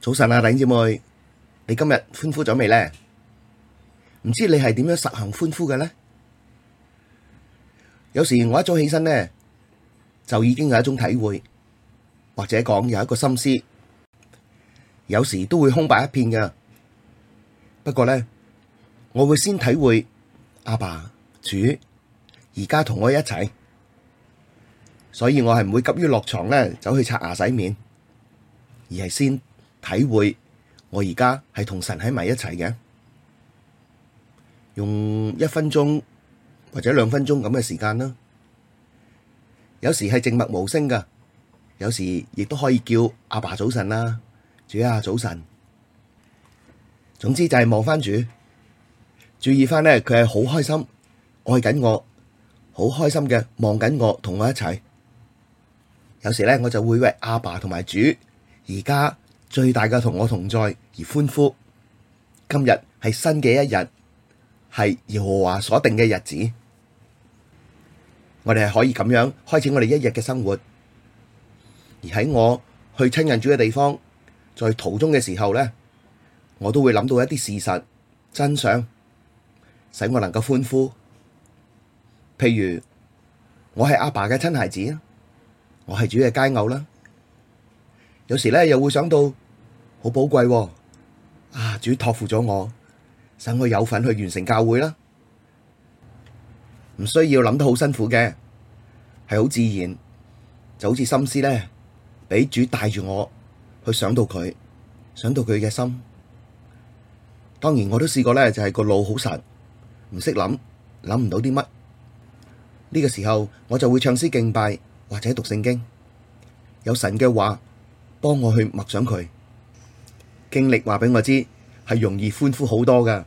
早晨啊，弟兄姊妹，你今日歡呼咗未呢？唔知你係點樣實行歡呼嘅呢？有時我一早起身呢，就已經有一種體會，或者講有一個心思，有時都會空白一片嘅。不過呢，我會先體會阿爸主而家同我一齊，所以我係唔會急於落床呢，走去刷牙洗面，而係先。體會我而家係同神喺埋一齊嘅，用一分鐘或者兩分鐘咁嘅時間啦。有時係靜默無聲噶，有時亦都可以叫阿爸早晨啦，主啊早晨。總之就係望翻主，注意翻呢。佢係好開心，愛緊我，好開心嘅望緊我，同我一齊。有時呢，我就會為阿爸同埋主而家。最大嘅同我同在而歡呼，今日係新嘅一日，係耶和華所定嘅日子，我哋係可以咁樣開始我哋一日嘅生活。而喺我去親人住嘅地方，在途中嘅時候咧，我都會諗到一啲事實真相，使我能夠歡呼。譬如我係阿爸嘅親孩子，我係主嘅佳偶啦。有時咧又會想到好寶貴啊，啊主托付咗我，使我有份去完成教會啦，唔需要諗得好辛苦嘅，係好自然，就好似心思咧俾主帶住我去想到佢，想到佢嘅心。當然我都試過咧，就係個腦好神，唔識諗，諗唔到啲乜，呢個時候我就會唱詩敬拜或者讀聖經，有神嘅話。幫我去默想佢經歷，話畀我知係容易歡呼好多噶。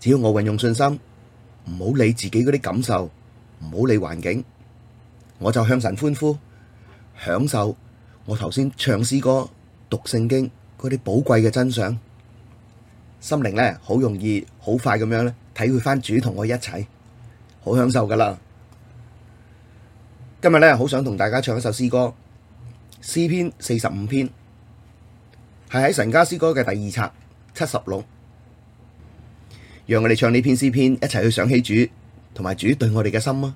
只要我運用信心，唔好理自己嗰啲感受，唔好理環境，我就向神歡呼，享受我頭先唱詩歌、讀聖經嗰啲寶貴嘅真相，心靈咧好容易好快咁樣咧體會翻主同我一齊，好享受噶啦。今日咧好想同大家唱一首詩歌。詩篇四十五篇係喺神家詩歌嘅第二冊七十六，讓我哋唱呢篇詩篇，一齊去想起主同埋主對我哋嘅心啊！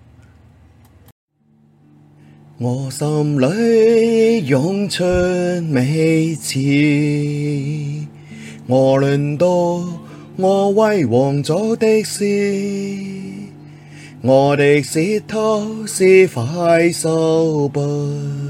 我心裏湧出美辭，我論到我為王作的事，我的舌頭是快手筆。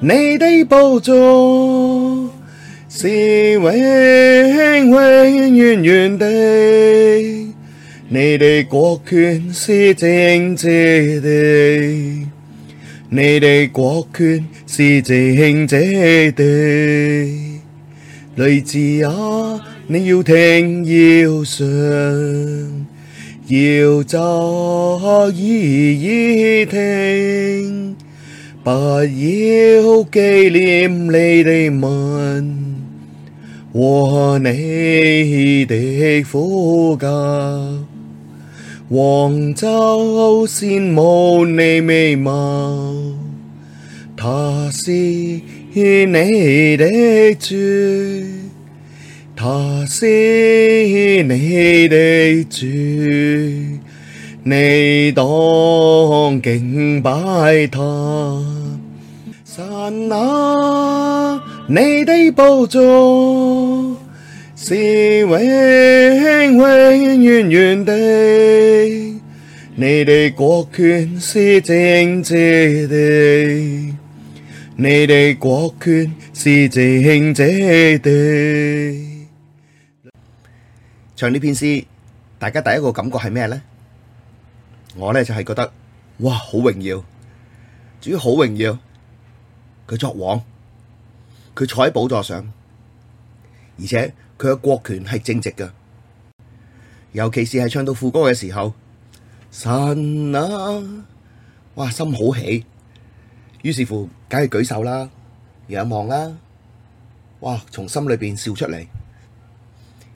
你的寶座是永永遠遠的，你的國權是正直的，你的國權是正直的，國權是正直的，女 子啊你要聽要想 要側耳而聽。不要記念你的民和你的父家，王就羨慕你美貌，他是你的主，他是你的主。你當敬拜他，神啊，你的寶座是永永遠遠的，你的國權是正直的，你的國權是正直的。唱呢篇詩，大家第一個感覺係咩呢？我呢就係覺得，哇，好榮耀，主好榮耀，佢作王，佢坐喺寶座上，而且佢嘅國權係正直嘅，尤其是係唱到副歌嘅時候，神啊，哇，心好喜，於是乎梗係舉手啦，仰望啦，哇，從心裏邊笑出嚟，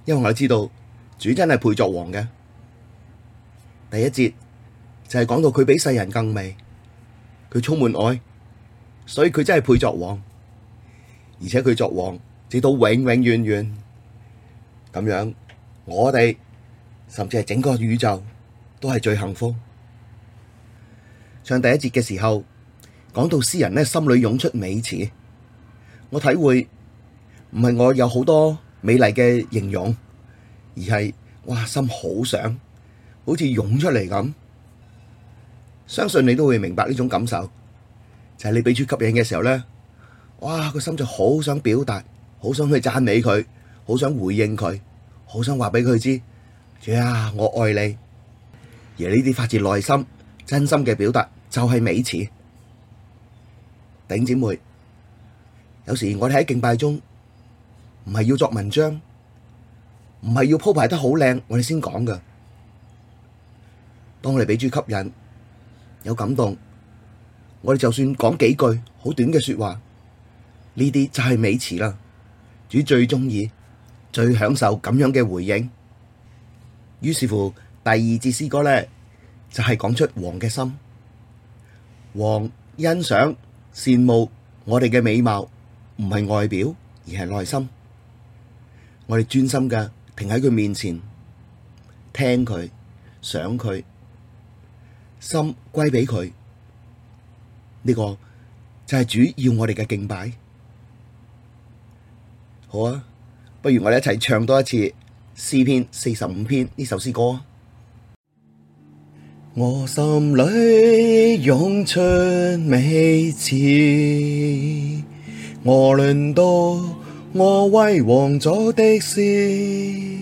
因為我知道主真係配作王嘅，第一節。就係講到佢比世人更美，佢充滿愛，所以佢真係配作王，而且佢作王，直到永永遠遠咁樣。我哋甚至係整個宇宙都係最幸福。唱第一節嘅時候，講到詩人呢，心裡湧出美辭。我體會唔係我有好多美麗嘅形容，而係，哇，心好想，好似湧出嚟咁。相信你都會明白呢種感受，就係你畀主吸引嘅時候咧，哇，個心就好想表達，好想去讚美佢，好想回應佢，好想話畀佢知，主啊，我愛你。而呢啲發自內心、真心嘅表達就係美詞。弟兄姊妹，有時我哋喺敬拜中，唔係要作文章，唔係要鋪排得好靚我哋先講噶，當我哋俾主吸引，有感動，我哋就算講幾句好短嘅說話，呢啲就係美詞啦。主最鍾意、最享受咁樣嘅回應。於是乎，第二節詩歌咧就係、是、講出王嘅心，王欣賞、羨慕我哋嘅美貌，唔係外表，而係內心。我哋專心嘅停喺佢面前，聽佢、想佢。心歸畀佢，呢、這個就係主要我哋嘅敬拜。好啊，不如我哋一齊唱多一次詩篇四十五篇呢首詩歌。我心裡湧出美詞，我論到我為王作的事。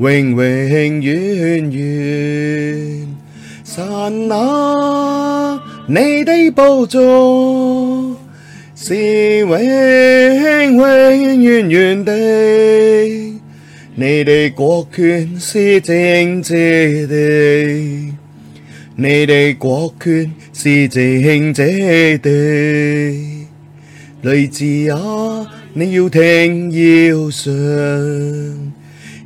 永永遠遠，神啊！你的寶座是永永遠遠的，你的國權是正直的，你的國權是正直的，女子啊！你要聽要想。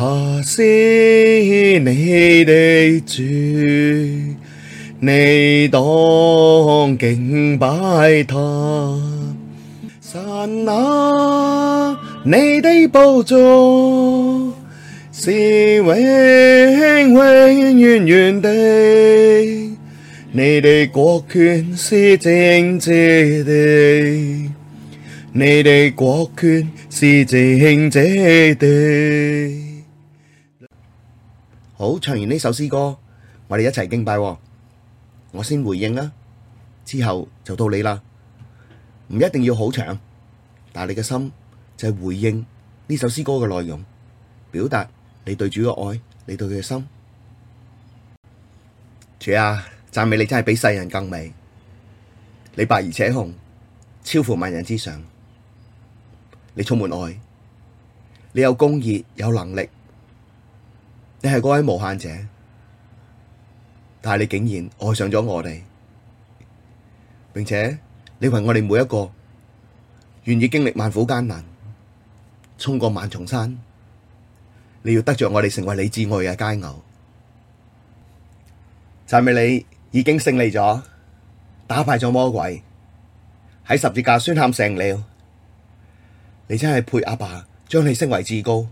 祂是你的主，你當敬拜他。神啊，你的寶座是永永遠遠的，你的國權是正直的，你的國權是正直的。好，唱完呢首詩歌，我哋一齊敬拜。我先回應啦，之後就到你啦。唔一定要好長，但係你嘅心就係回應呢首詩歌嘅內容，表達你對主嘅愛，你對佢嘅心。主啊，讚美你真係比世人更美，你白而且紅，超乎萬人之上。你充滿愛，你有公義，有能力。你係嗰位無限者，但係你竟然愛上咗我哋，並且你為我哋每一個願意經歷萬苦艱難，衝過萬重山，你要得着我哋成為你至愛嘅佳偶，讚美你已經勝利咗，打敗咗魔鬼，喺十字架宣喊勝了，你真係配阿爸將你升為至高，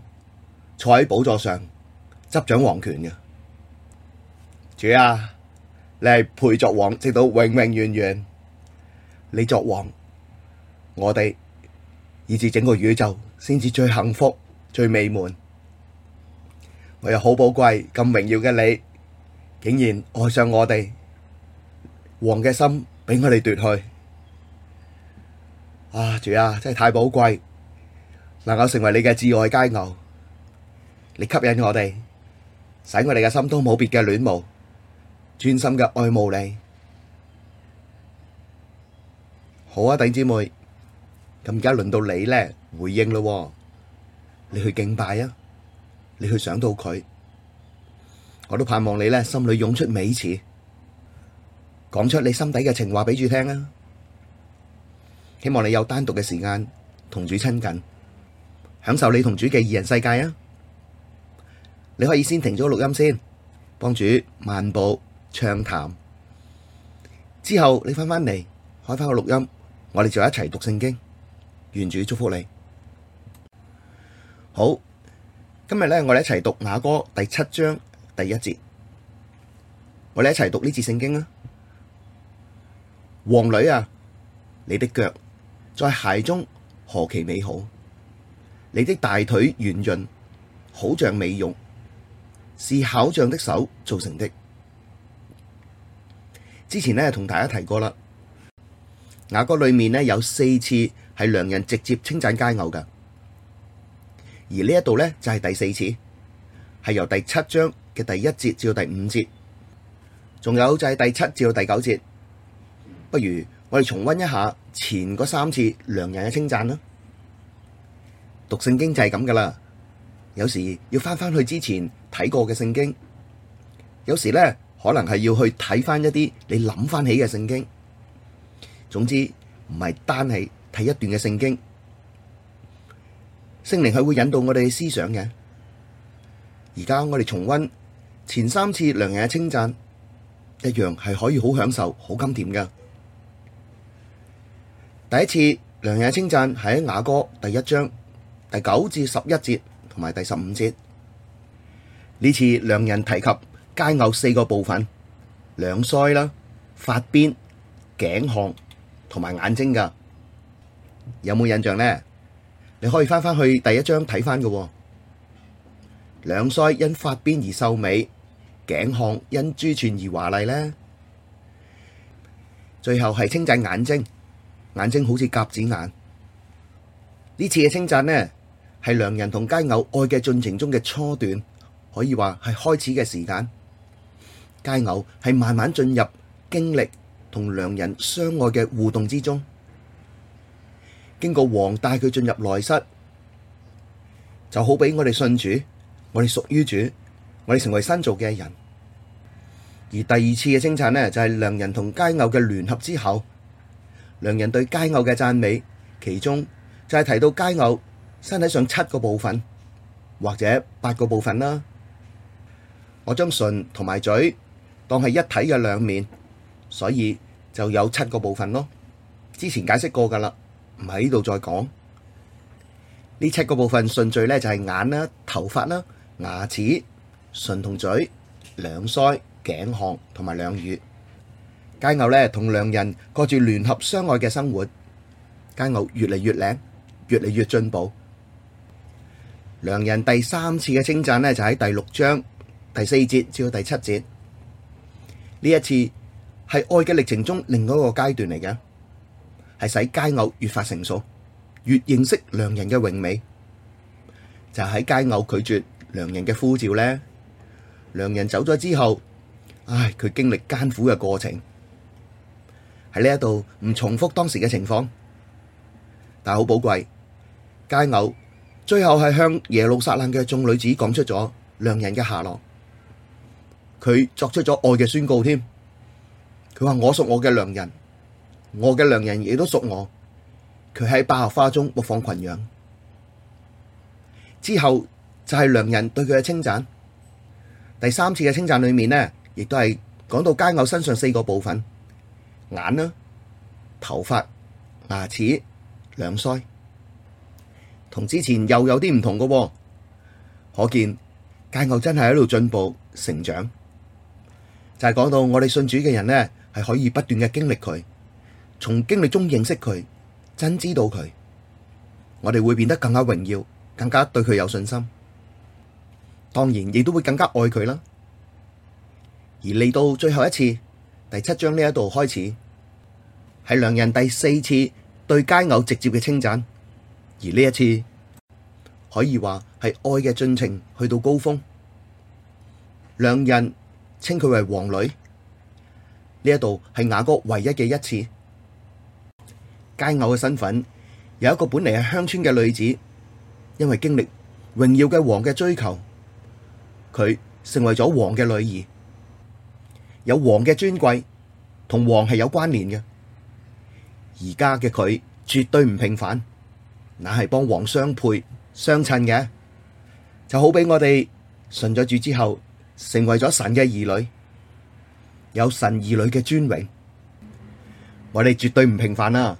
坐喺寶座上。執掌王權嘅主啊，你係配作王直到永永遠遠，你作王，我哋以至整個宇宙先至最幸福、最美滿。我有好寶貴咁榮耀嘅你，竟然愛上我哋，王嘅心畀我哋奪去，啊主啊，真係太寶貴，能夠成為你嘅至愛佳偶，你吸引我哋，使我哋嘅心都冇別嘅戀慕，專心嘅愛慕你。好啊，弟兄姊妹，咁而家輪到你咧回應咯，你去敬拜啊，你去想到佢，我都盼望你咧心裡湧出美詞，講出你心底嘅情話畀佢聽啊！希望你有單獨嘅時間同主親近，享受你同主嘅二人世界啊！你可以先停咗錄音先，幫主漫步暢談之後你，你翻返嚟開翻個錄音，我哋就一齊讀聖經，願主祝福你。好，今日咧我哋一齊讀雅歌第七章第一節，我哋一齊讀呢節聖經啦。王女啊，你的腳在鞋中何其美好，你的大腿圓潤，好像美玉。是巧匠的手造成的。之前呢，同大家提過啦，雅歌裏面呢，有四次係良人直接稱讚佳偶噶，而呢一度呢，就係、是、第四次，係由第七章嘅第一節至到第五節，仲有就係第七至到第九節。不如我哋重溫一下前嗰三次良人嘅稱讚啦，讀聖經就係咁噶啦。有時要翻返去之前睇過嘅聖經，有時呢可能係要去睇翻一啲你諗翻起嘅聖經。總之唔係單係睇一段嘅聖經，聖靈係會引導我哋思想嘅。而家我哋重溫前三次良人稱讚，一樣係可以好享受、好甘甜㗎。第一次良人稱讚係喺雅歌第一章第九至十一節。同埋第十五節呢次，兩人提及佳偶四個部分：兩腮啦、髮邊、頸項同埋眼睛噶，有冇印象呢？你可以翻翻去第一章睇翻噶。兩腮因髮邊而秀美，頸項因珠串而華麗呢。最後係稱讚眼睛，眼睛好似鴿子眼。呢次嘅稱讚呢？係良人同佳偶愛嘅進程中嘅初段，可以話係開始嘅時間。佳偶係慢慢進入經歷同良人相愛嘅互動之中。經過王帶佢進入內室，就好比我哋信主，我哋屬於主，我哋成為新造嘅人。而第二次嘅稱讚呢，就係、是、良人同佳偶嘅聯合之後，良人對佳偶嘅讚美，其中就係提到佳偶，身體上七個部分或者八個部分啦，我將唇同埋嘴當係一體嘅兩面，所以就有七個部分咯。之前解釋過㗎啦，唔喺度再講。呢七個部分，順序咧就係、是、眼啦、頭髮啦、牙齒、唇同嘴、兩腮、頸項同埋兩乳。佳偶咧同良人過住聯合相愛嘅生活，佳偶越嚟越靚，越嚟越進步。良人第三次嘅稱讚呢，就喺第六章第四節至到第七節。呢一次係愛嘅歷程中另一個階段嚟嘅，係使佳偶越發成熟，越認識良人嘅榮美。就喺佳偶拒絕良人嘅呼召呢，良人走咗之後，唉，佢經歷艱苦嘅過程。喺呢一度唔重複當時嘅情況，但係好寶貴。佳偶，最後係向耶路撒冷嘅眾女子講出咗良人嘅下落，佢作出咗愛嘅宣告添。佢話我屬我嘅良人，我嘅良人亦都屬我。佢喺百合花中牧放群羊。之後就係良人對佢嘅稱讚。第三次嘅稱讚裏面呢，亦都係講到佳偶身上四個部分：眼啦、頭髮、牙齒、兩腮。同之前又有啲唔同嘅。哦，可見佳偶真係喺度進步成長。就係、是、講到我哋信主嘅人呢，係可以不斷嘅經歷佢，從經歷中認識佢，真知道佢，我哋會變得更加榮耀，更加對佢有信心。當然亦都會更加愛佢啦。而嚟到最後一次第七章呢一度開始，係良人第四次對佳偶直接嘅稱讚。而呢一次可以話係愛嘅進程去到高峰，兩人稱佢為王女。呢一度係雅歌唯一嘅一次佳偶嘅身份，有一個本嚟係鄉村嘅女子，因為經歷榮耀嘅王嘅追求，佢成為咗王嘅女兒，有王嘅尊貴同王係有關聯嘅。而家嘅佢絕對唔平凡。那係幫王相配相襯嘅，就好比我哋信咗主之後，成為咗神嘅兒女，有神兒女嘅尊榮，我哋絕對唔平凡啊！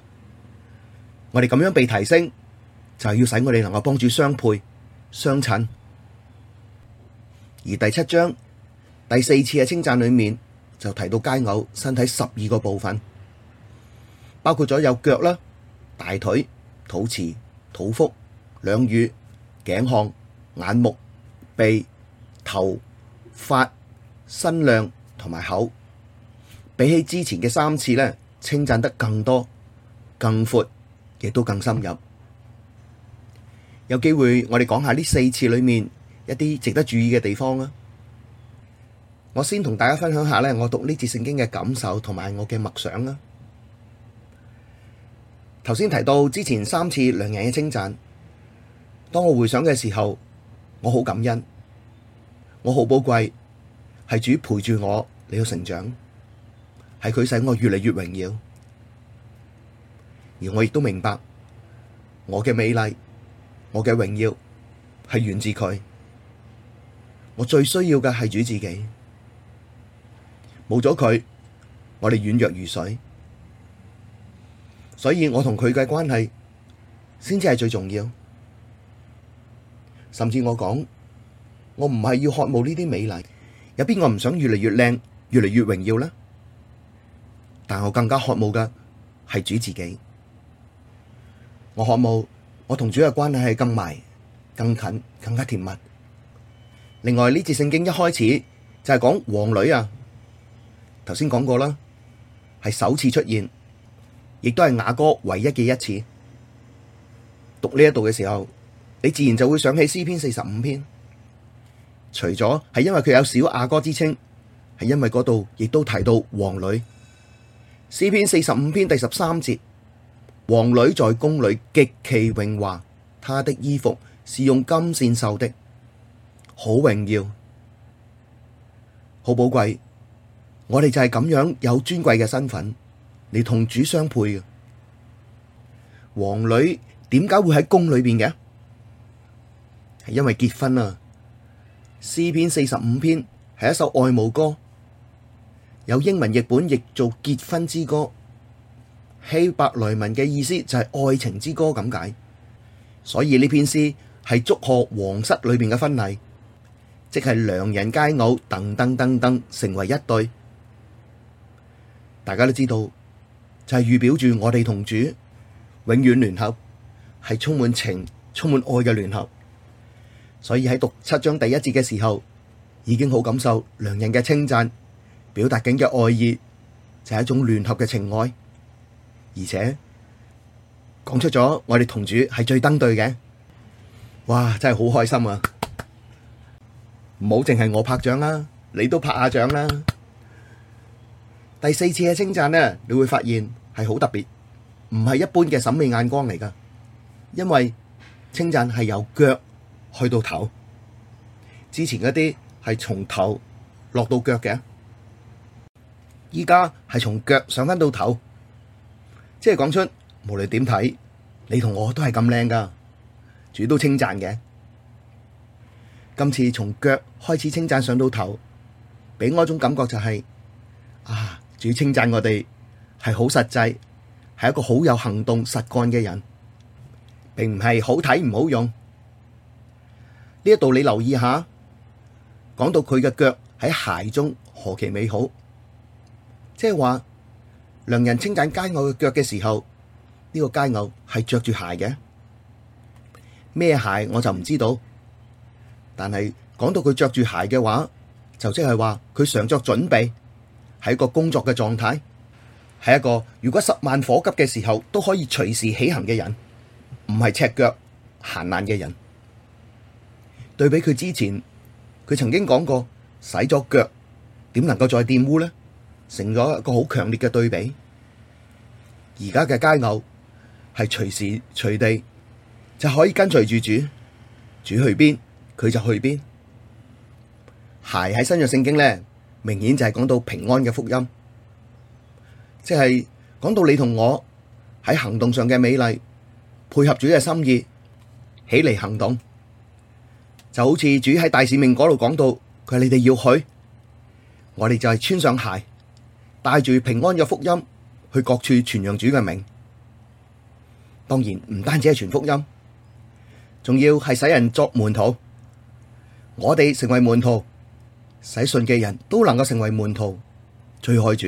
我哋咁樣被提升，就係要使我哋能夠幫住相配相襯。而第七章第四次嘅稱讚裏面，就提到佳偶身體十二個部分，包括咗有腳啦、大腿、肚臍。肚腹、兩乳、頸項、眼目、鼻、頭、髮、身量同埋口，比起之前嘅三次咧，稱讚得更多、更闊，亦都更深入。有機會我哋講下呢四次裏面一啲值得注意嘅地方啊。我先同大家分享下呢，我讀呢節聖經嘅感受同埋我嘅默想啊。頭先提到之前三次良人嘅稱讚，當我回想嘅時候，我好感恩，我好寶貴，係主陪住我，嚟到成長，係佢使我越嚟越榮耀，而我亦都明白，我嘅美麗，我嘅榮耀係源自佢，我最需要嘅係主自己，冇咗佢，我哋軟弱如水。所以我同佢嘅關係先至係最重要，甚至我講，我唔係要渴慕呢啲美麗，有邊個唔想越嚟越靚、越嚟越榮耀呢？但我更加渴慕嘅係主自己，我渴慕我同主嘅關係係更埋、更近、更加甜蜜。另外呢節聖經一開始就係講王女啊，頭先講過啦，係首次出現。亦都係雅歌唯一嘅一次，讀呢一度嘅時候，你自然就會想起詩篇四十五篇。除咗係因為佢有「小雅歌」之稱，係因為嗰度亦都提到王女。詩篇四十五篇第十三節，王女在宮裏極其榮華，他的衣服是用金線繡的，好榮耀，好寶貴。我哋就係咁樣有尊貴嘅身份。你同主相配嘅王女點解會喺宮裏邊嘅？係因為結婚啊。詩篇四十五篇係一首愛慕歌，有英文譯本譯做《結婚之歌》，希伯來文嘅意思就係愛情之歌咁解。所以呢篇詩係祝賀皇室裏邊嘅婚禮，即係良人佳偶，等等等等成為一對。大家都知道。就係預表住我哋同主永遠聯合，係充滿情、充滿愛嘅聯合。所以喺讀七章第一節嘅時候，已經好感受良人嘅稱讚，表達緊嘅愛意，就係一種聯合嘅情愛。而且講出咗我哋同主係最登對嘅。哇！真係好開心啊！唔好淨係我拍掌啦，你都拍下掌啦。第四次嘅稱讚呢，你會發現。係好特別，唔係一般嘅審美眼光嚟噶因為稱讚係由腳去到頭，之前嗰啲係從頭落到腳嘅，依家係從腳上翻到頭，即係講出無論點睇，你同我都係咁靚噶主都稱讚嘅。今次從腳開始稱讚上到頭，俾我一種感覺就係、是，啊，主稱讚我哋。係好實際，係一個好有行動實幹嘅人，並唔係好睇唔好用。呢一度你留意下，講到佢嘅腳喺鞋中，何其美好！即係話，良人稱讚佳偶嘅腳嘅時候，呢、這個佳偶係着住鞋嘅，咩鞋我就唔知道。但係講到佢着住鞋嘅話，就即係話佢常作準備，喺一個工作嘅狀態。係一個如果十萬火急嘅時候都可以隨時起行嘅人，唔係赤腳行難嘅人。對比佢之前，佢曾經講過洗咗腳，點能夠再玷污呢？成咗一個好強烈嘅對比。而家嘅佳偶係隨時隨地就可以跟隨住主，主去邊佢就去邊。鞋喺新約聖經咧，明顯就係講到平安嘅福音。即係講到你同我喺行動上嘅美麗，配合主嘅心意起嚟行動，就好似主喺大使命嗰度講到，佢話你哋要去，我哋就係穿上鞋，帶住平安嘅福音去各處傳揚主嘅名。當然唔單止係傳福音，仲要係使人作門徒。我哋成為門徒，使信嘅人都能夠成為門徒，最愛主。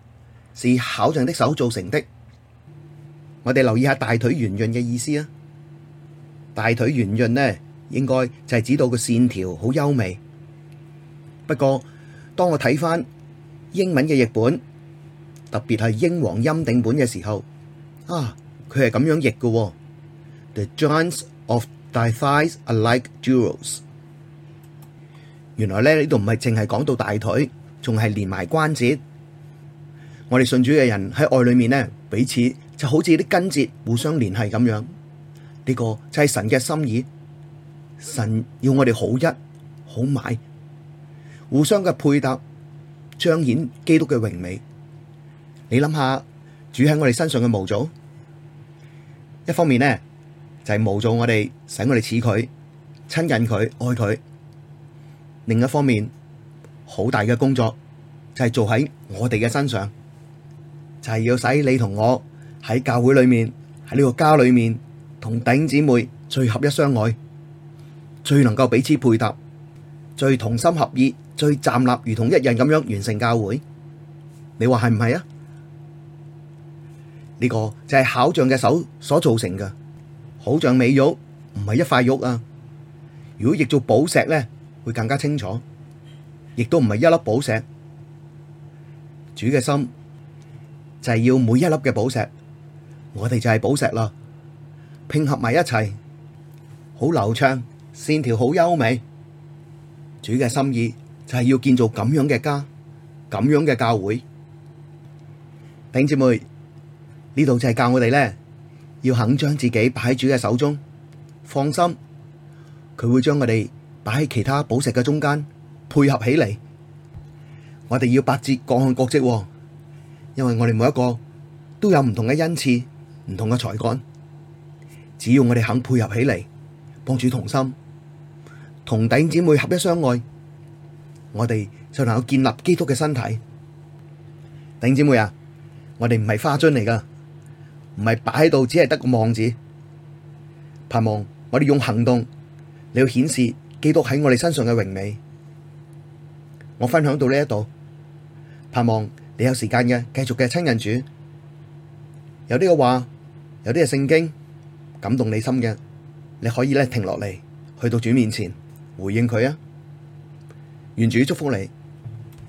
是巧匠的手造成的。我哋留意下大腿圓潤嘅意思啊。大腿圓潤呢，應該就係指到個線條好優美。不過，當我睇翻英文嘅譯本，特別係英皇欽定本嘅時候，啊，佢係咁樣譯嘅。The joints of thy thighs are like jewels。原來咧呢度唔係淨係講到大腿，仲係連埋關節。我哋信主嘅人喺愛裏面呢，彼此就好似啲根節互相聯繫咁樣，呢個就係神嘅心意。神要我哋好一好買，互相嘅配搭，彰顯基督嘅榮美。你諗下，主喺我哋身上嘅模造，一方面呢，就係模造我哋，使我哋似佢，親近佢，愛佢；另一方面，好大嘅工作就係做喺我哋嘅身上。就係要使你同我喺教會裏面，喺呢個家裏面，同弟兄姊妹最合一相愛，最能夠彼此配搭，最同心合意，最站立如同一人咁樣完成教會。你話係唔係啊？呢個就係巧匠嘅手所造成嘅，好像美玉，唔係一塊玉啊。如果譯做寶石呢，會更加清楚。亦都唔係一粒寶石。主嘅心。就係要每一粒嘅寶石，我哋就係寶石啦，拼合埋一齊，好流暢，線條好優美。主嘅心意就係要建造咁樣嘅家，咁樣嘅教會。弟兄姊妹，呢度就係教我哋咧，要肯將自己擺喺主嘅手中，放心，佢會將我哋擺喺其他寶石嘅中間，配合起嚟。我哋要百折各行各業。因為我哋每一個都有唔同嘅恩賜、唔同嘅才幹，只要我哋肯配合起嚟，幫助同心，同弟兄姊妹合一相愛，我哋就能夠建立基督嘅身體。弟兄姊妹啊，我哋唔係花樽嚟噶，唔係擺喺度，只係得個望字。盼望我哋用行動嚟去顯示基督喺我哋身上嘅榮美。我分享到呢一度，盼望。你有時間嘅，繼續嘅親人主，有啲嘅話，有啲嘅聖經感動你心嘅，你可以咧停落嚟，去到主面前回應佢啊！願主祝福你。